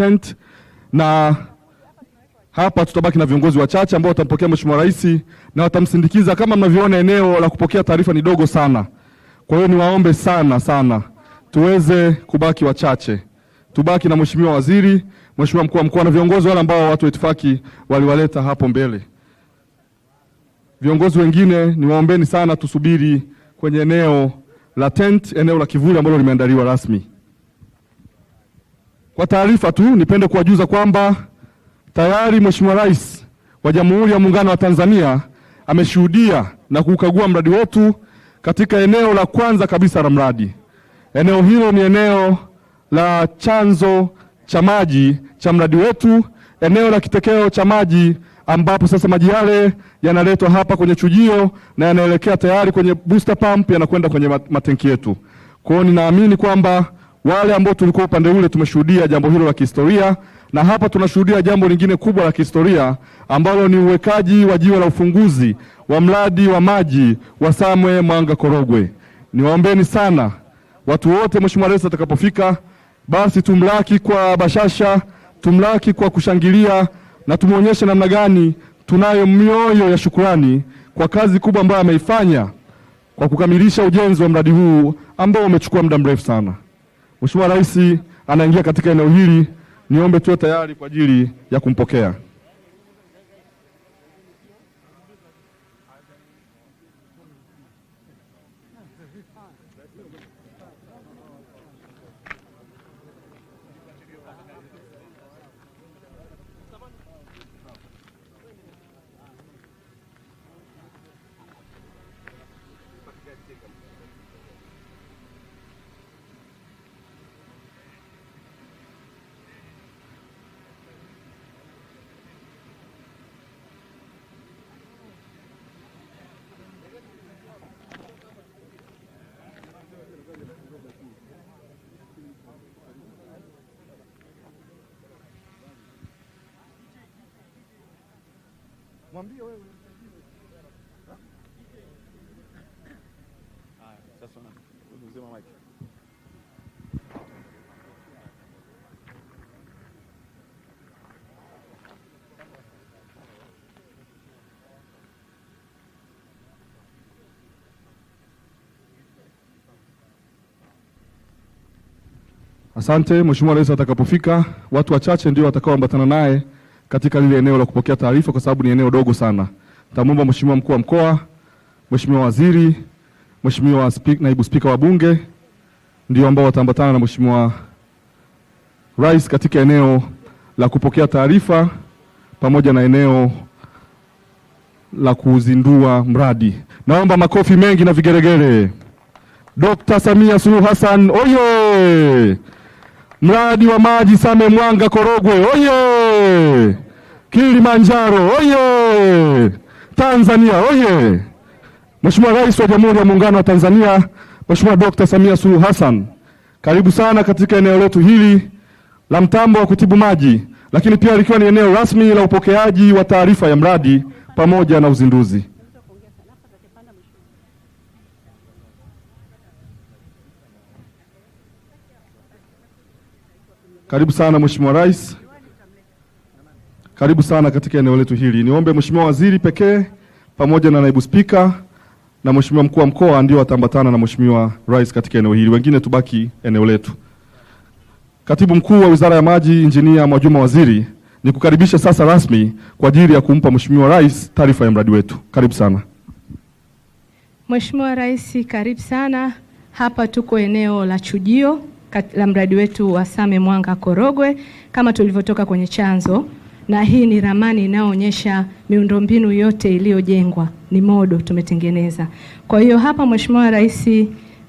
tent na hapa tutabaki na viongozi wachache ambao watampokea Mheshimiwa Rais na watamsindikiza. Kama mnavyoona, eneo la kupokea taarifa ni dogo sana. Kwa hiyo niwaombe sana sana tuweze kubaki wachache, tubaki na Mheshimiwa Waziri, Mheshimiwa Mkuu wa Mkoa na viongozi wale ambao watu wa itifaki waliwaleta hapo mbele. Viongozi wengine niwaombeni sana, tusubiri kwenye eneo la tent, eneo la kivuli ambalo limeandaliwa rasmi. Kwa taarifa tu, nipende kuwajuza kwamba tayari Mheshimiwa Rais wa Jamhuri ya Muungano wa Tanzania ameshuhudia na kuukagua mradi wetu katika eneo la kwanza kabisa la mradi. Eneo hilo ni eneo la chanzo cha maji cha mradi wetu, eneo la kitekeo cha maji ambapo sasa maji yale yanaletwa hapa kwenye chujio na yanaelekea tayari kwenye booster pump, yanakwenda kwenye matenki yetu. Kwa hiyo ninaamini kwamba wale ambao tulikuwa upande ule tumeshuhudia jambo hilo la kihistoria, na hapa tunashuhudia jambo lingine kubwa la kihistoria ambalo ni uwekaji wa jiwe la ufunguzi wa mradi wa maji wa Same Mwanga Korogwe. Niwaombeni sana watu wote, Mheshimiwa Rais atakapofika, basi tumlaki kwa bashasha, tumlaki kwa kushangilia na tumuonyeshe namna gani tunayo mioyo ya shukurani kwa kazi kubwa ambayo ameifanya kwa kukamilisha ujenzi wa mradi huu ambao umechukua muda mrefu sana. Mheshimiwa Rais anaingia katika eneo hili, niombe tuwe tayari kwa ajili ya kumpokea. Mwambie wewe. Asante. Mheshimiwa Rais atakapofika, watu wachache ndio watakaoambatana naye katika lile eneo la kupokea taarifa, kwa sababu ni eneo dogo sana. Nitamwomba mheshimiwa mkuu wa mkoa, mheshimiwa waziri, mheshimiwa naibu spika wa bunge ndio ambao wataambatana na mheshimiwa rais katika eneo la kupokea taarifa pamoja na eneo la kuuzindua mradi. Naomba makofi mengi na vigeregere. Dr. Samia Suluhu Hassan oye! mradi wa maji Same Mwanga Korogwe oye! Kilimanjaro oye! Tanzania oye! Mheshimiwa Rais wa Jamhuri ya Muungano wa Tanzania Mheshimiwa Dr. Samia Suluhu Hassan, karibu sana katika eneo letu hili la mtambo wa kutibu maji, lakini pia likiwa ni eneo rasmi la upokeaji wa taarifa ya mradi pamoja na uzinduzi. Karibu sana Mheshimiwa Rais, karibu sana katika eneo letu hili. Niombe Mheshimiwa Waziri pekee pamoja na Naibu Spika na Mheshimiwa Mkuu wa Mkoa ndio wataambatana na Mheshimiwa Rais katika eneo hili, wengine tubaki eneo letu. Katibu Mkuu wa Wizara ya Maji Injinia Mwajuma Waziri, nikukaribishe sasa rasmi kwa ajili ya kumpa Mheshimiwa Rais taarifa ya mradi wetu. Karibu sana Mheshimiwa Rais, karibu sana hapa. Tuko eneo la chujio la mradi wetu wa Same Mwanga Korogwe kama tulivyotoka kwenye chanzo, na hii ni ramani inayoonyesha miundombinu yote iliyojengwa, ni modo tumetengeneza. Kwa hiyo hapa, Mheshimiwa Rais,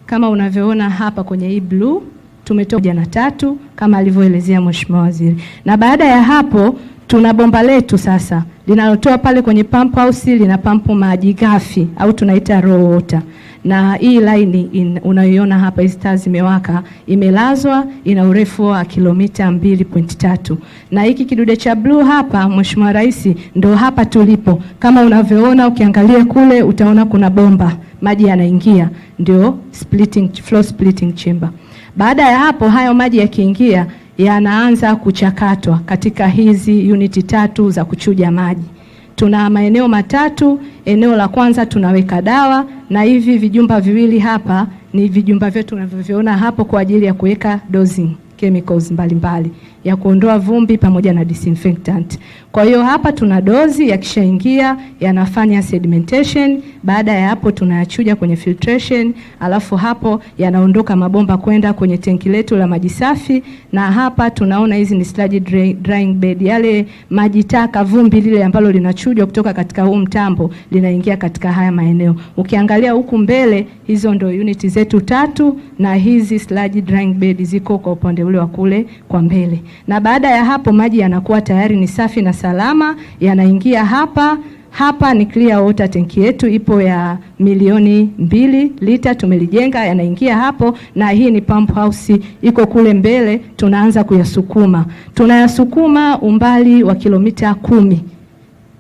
kama unavyoona hapa kwenye hii blue tumetoka jana tatu kama alivyoelezea Mheshimiwa Waziri, na baada ya hapo tuna bomba letu sasa linalotoa pale kwenye pump house lina pampu maji ghafi au tunaita raw water na hii laini unayoiona hapa, hizi taa zimewaka, imelazwa, ina urefu wa kilomita 2.3 na hiki kidude cha bluu hapa, Mheshimiwa Rais, ndo hapa tulipo. Kama unavyoona, ukiangalia kule utaona kuna bomba maji yanaingia, ndio splitting, flow splitting chamber. Baada ya hapo, hayo maji yakiingia, yanaanza kuchakatwa katika hizi uniti tatu za kuchuja maji. Tuna maeneo matatu. Eneo la kwanza tunaweka dawa, na hivi vijumba viwili hapa ni vijumba vyetu unavyoviona hapo kwa ajili ya kuweka dosing chemicals mbalimbali mbali ya kuondoa vumbi pamoja na disinfectant. Kwa hiyo hapa tuna dozi, yakishaingia yanafanya sedimentation. Baada ya hapo tunayachuja kwenye filtration, alafu hapo yanaondoka mabomba kwenda kwenye tenki letu la maji safi, na hapa tunaona hizi ni sludge drying bed, yale maji taka, vumbi lile ambalo linachujwa kutoka katika huu mtambo linaingia katika haya maeneo. Ukiangalia huku mbele, hizo ndo unit zetu tatu, na hizi sludge drying bed ziko kwa upande ule wa kule kwa mbele na baada ya hapo maji yanakuwa tayari ni safi na salama, yanaingia hapa hapa ni clear water tenki yetu ipo ya milioni mbili lita, tumelijenga yanaingia hapo, na hii ni pump house iko kule mbele, tunaanza kuyasukuma. Tunayasukuma umbali wa kilomita kumi,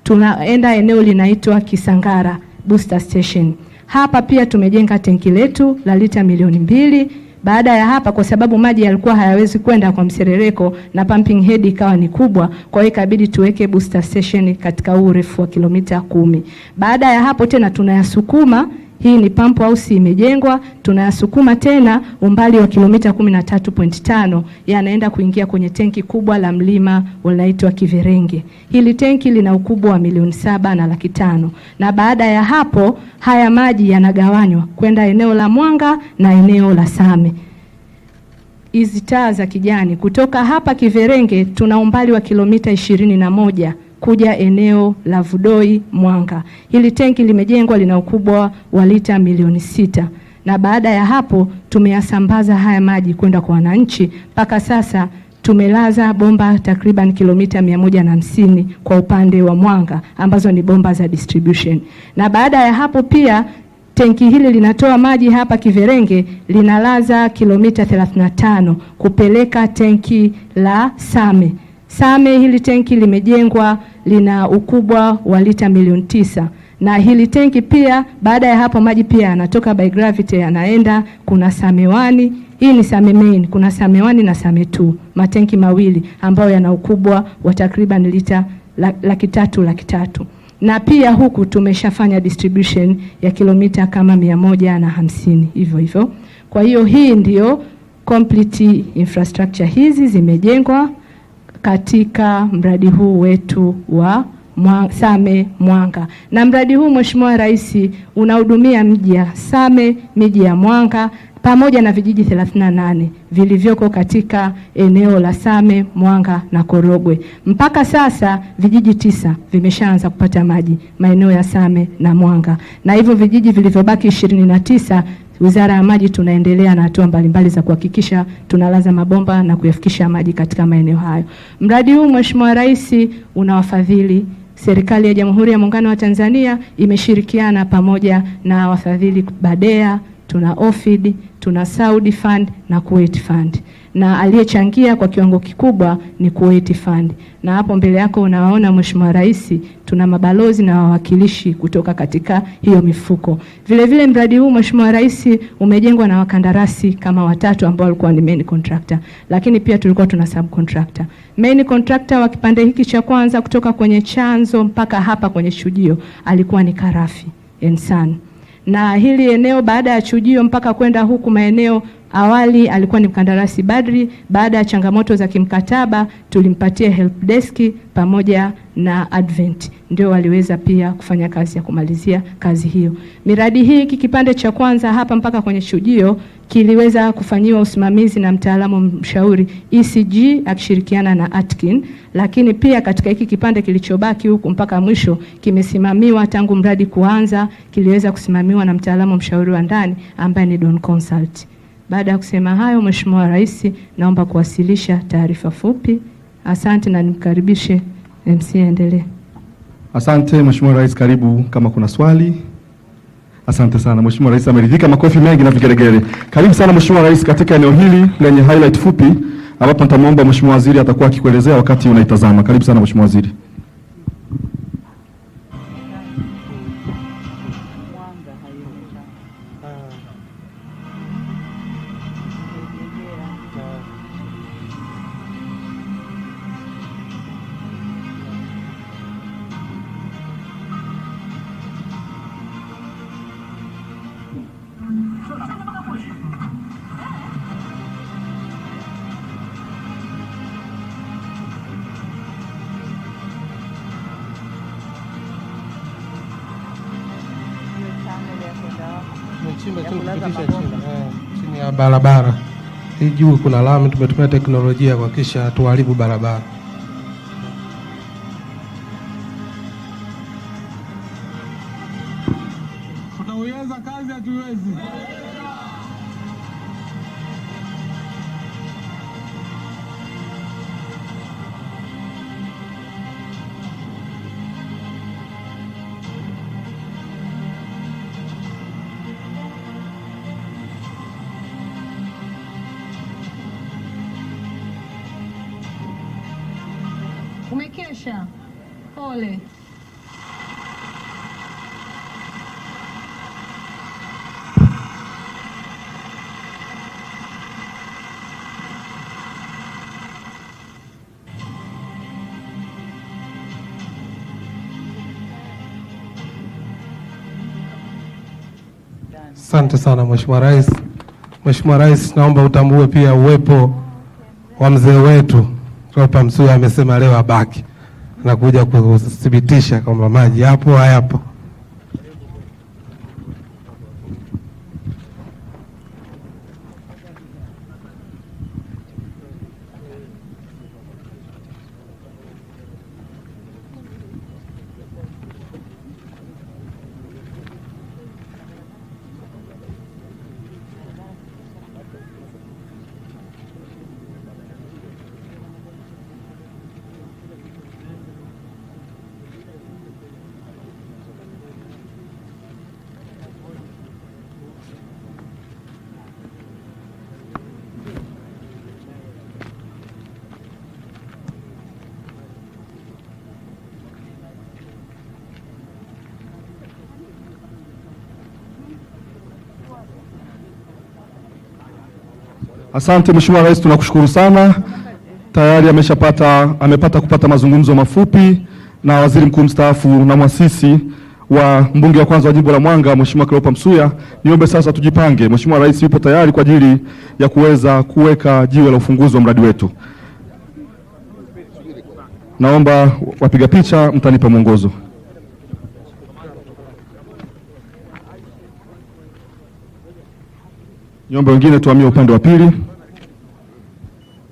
tunaenda eneo linaitwa Kisangara Booster Station. Hapa pia tumejenga tenki letu la lita milioni mbili baada ya hapa, kwa sababu maji yalikuwa hayawezi kwenda kwa mserereko na pumping head ikawa ni kubwa, kwa hiyo ikabidi tuweke booster station katika urefu wa kilomita kumi. Baada ya hapo tena tunayasukuma hii ni pump house imejengwa, tunayasukuma tena umbali wa kilomita 13.5 yanaenda kuingia kwenye tenki kubwa la mlima unaitwa Kiverenge. Hili tenki lina ukubwa wa milioni saba na laki tano, na baada ya hapo haya maji yanagawanywa kwenda eneo la Mwanga na eneo la Same hizi taa za kijani kutoka hapa Kiverenge tuna umbali wa kilomita ishirini na moja kuja eneo la Vudoi Mwanga. Hili tenki limejengwa, lina ukubwa wa lita milioni sita na baada ya hapo tumeyasambaza haya maji kwenda kwa wananchi. Mpaka sasa tumelaza bomba takriban kilomita mia moja na hamsini kwa upande wa Mwanga ambazo ni bomba za distribution, na baada ya hapo pia tenki hili linatoa maji hapa Kiverenge, linalaza kilomita 35 kupeleka tenki la Same. Same hili tenki limejengwa lina ukubwa wa lita milioni tisa na hili tenki pia, baada ya hapo maji pia yanatoka by gravity yanaenda. Kuna Samewani, hii ni Same Main, kuna Samewani na Same tu, matenki mawili ambayo yana ukubwa wa takriban lita laki tatu laki tatu na pia huku tumeshafanya distribution ya kilomita kama mia moja na hamsini hivyo hivyo. Kwa hiyo hii ndiyo complete infrastructure hizi zimejengwa katika mradi huu wetu wa Same Mwanga. Na mradi huu Mheshimiwa Rais unahudumia mji ya Same, miji ya Mwanga pamoja na vijiji 38 vilivyoko katika eneo la Same, Mwanga na Korogwe. Mpaka sasa vijiji tisa vimeshaanza kupata maji maeneo ya Same na Mwanga, na hivyo vijiji vilivyobaki ishirini na tisa Wizara ya Maji tunaendelea na hatua mbalimbali za kuhakikisha tunalaza mabomba na kuyafikisha maji katika maeneo hayo. Mradi huu Mheshimiwa Rais, unawafadhili Serikali ya Jamhuri ya Muungano wa Tanzania imeshirikiana pamoja na wafadhili Badea, tuna Ofid, tuna Saudi Fund na Kuwait Fund na aliyechangia kwa kiwango kikubwa ni Kuwait Fund, na hapo mbele yako unawaona Mheshimiwa Rais, tuna mabalozi na wawakilishi kutoka katika hiyo mifuko. Vilevile mradi huu Mheshimiwa Rais umejengwa na wakandarasi kama watatu ambao walikuwa ni main contractor, lakini pia tulikuwa tuna subcontractor. Main contractor wa kipande hiki cha kwanza kutoka kwenye chanzo mpaka hapa kwenye chujio alikuwa ni Karafi Ensan na hili eneo baada ya chujio mpaka kwenda huku maeneo awali alikuwa ni mkandarasi Badri. Baada ya changamoto za kimkataba, tulimpatia help desk pamoja na Advent ndio waliweza pia kufanya kazi ya kumalizia kazi hiyo. Miradi hii hiki kipande cha kwanza hapa mpaka kwenye chujio kiliweza kufanyiwa usimamizi na mtaalamu mshauri ECG akishirikiana na Atkin, lakini pia katika hiki kipande kilichobaki huku mpaka mwisho kimesimamiwa tangu mradi kuanza, kiliweza kusimamiwa na mtaalamu mshauri wa ndani ambaye ni Don Consult. Baada ya kusema hayo, Mheshimiwa Rais, naomba kuwasilisha taarifa fupi. Asante na nimkaribishe MC aendelee. Asante Mheshimiwa Rais, karibu kama kuna swali. Asante sana Mheshimiwa Rais, ameridhika makofi mengi na vigeregere. Karibu sana Mheshimiwa Rais katika eneo hili lenye highlight fupi ambapo nitamwomba Mheshimiwa Waziri atakuwa akikuelezea wakati unaitazama. Karibu sana Mheshimiwa Waziri. chini, eh, chini ya barabara hii juu kuna lami. Tumetumia teknolojia kuhakikisha tuharibu barabara. kuadhimisha pole Asante sana Mheshimiwa Rais. Mheshimiwa Rais, naomba utambue pia uwepo wa mzee wetu Cleopa Msuya amesema leo abaki na kuja kuthibitisha kwamba maji yapo hayapo. Asante Mheshimiwa Rais, tunakushukuru sana. Tayari ameshapata amepata kupata mazungumzo mafupi na waziri mkuu mstaafu na mwasisi wa mbunge wa kwanza wa jimbo la Mwanga Mheshimiwa Kleopa Msuya. Niombe sasa tujipange. Mheshimiwa Rais yupo tayari kwa ajili ya kuweza kuweka jiwe la ufunguzi wa mradi wetu. Naomba wapiga picha mtanipa mwongozo. Niombe wengine tuhamie upande wa pili,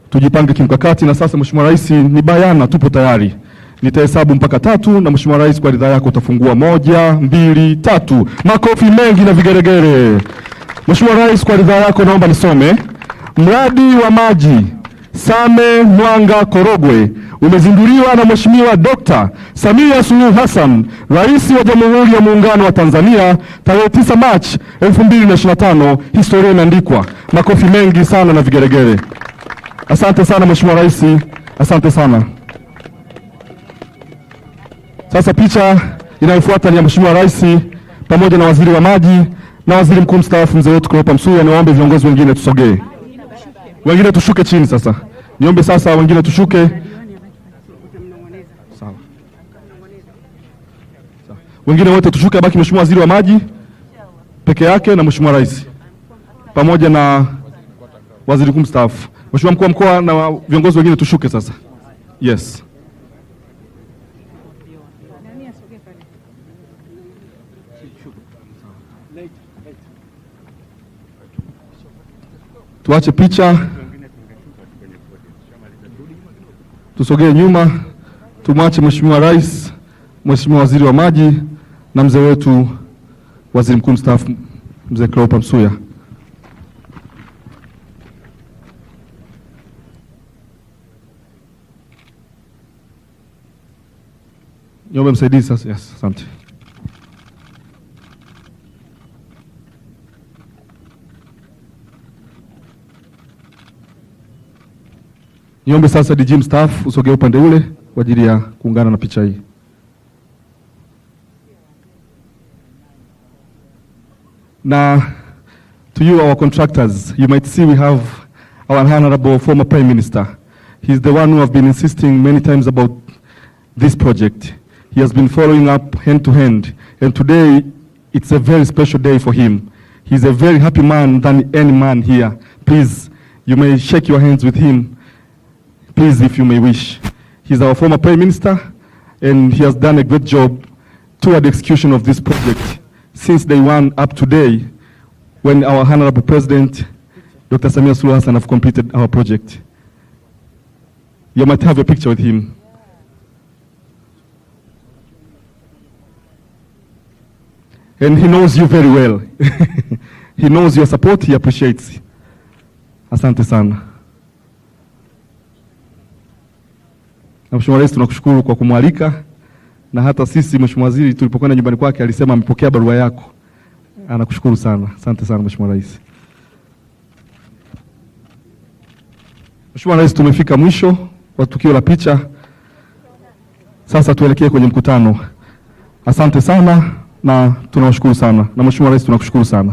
tujipange kimkakati. Na sasa, Mheshimiwa Rais, ni bayana, tupo tayari. Nitahesabu mpaka tatu na Mheshimiwa Rais, kwa ridhaa yako utafungua. Moja, mbili, tatu. Makofi mengi na vigeregere. Mheshimiwa Rais, kwa ridhaa yako naomba nisome mradi wa maji Same Mwanga Korogwe umezinduliwa na Mheshimiwa Dkt. Samia Suluhu Hassan, Rais wa Jamhuri ya Muungano wa Tanzania, tarehe 9 Machi 2025. Historia imeandikwa. Makofi mengi sana na vigeregere. Asante sana Mheshimiwa Rais, asante sana. Sasa picha inayofuata ni ya Mheshimiwa Rais pamoja na Waziri wa Maji na Waziri Mkuu mstaafu mzee wetu Cleopa Msuya. Niwaombe viongozi wengine tusogee, wengine tushuke chini. Sasa niombe sasa wengine tushuke. wengine wote tushuke, abaki mheshimiwa waziri wa maji peke yake na mheshimiwa rais pamoja na waziri mkuu mstaafu, mheshimiwa mkuu wa mkoa na viongozi wengine tushuke sasa. Yes, tuache picha, tusogee nyuma, tumwache mheshimiwa rais, mheshimiwa waziri wa maji na mzee wetu waziri mkuu mstaafu mzee Cleopa Msuya. Niombe msaidizi sasa. Yes, asante. Niombe sasa dj mstaafu usogee upande ule kwa ajili ya kuungana na picha hii. Now, to you, our contractors, you might see we have our honorable former prime minister. He's the one who has been insisting many times about this project. He has been following up hand to hand, and today it's a very special day for him. He's a very happy man than any man here. Please, you may shake your hands with him, please, if you may wish. He's our former prime minister, and he has done a great job toward the execution of this project. since day one up to when our Honorable President Dr. Samia sulu Hassan have completed our project. You might have a picture with him. And he knows you very well. he knows your support, he appreciates. Asante sana. Na Mheshimiwa Rais, tunakushukuru kwa kumwalika na hata sisi Mheshimiwa Waziri tulipokwenda nyumbani kwake alisema amepokea barua yako, anakushukuru sana. Asante sana Mheshimiwa Rais. Mheshimiwa Rais, tumefika mwisho wa tukio la picha, sasa tuelekee kwenye mkutano. Asante sana na tunawashukuru sana na Mheshimiwa Rais tunakushukuru sana.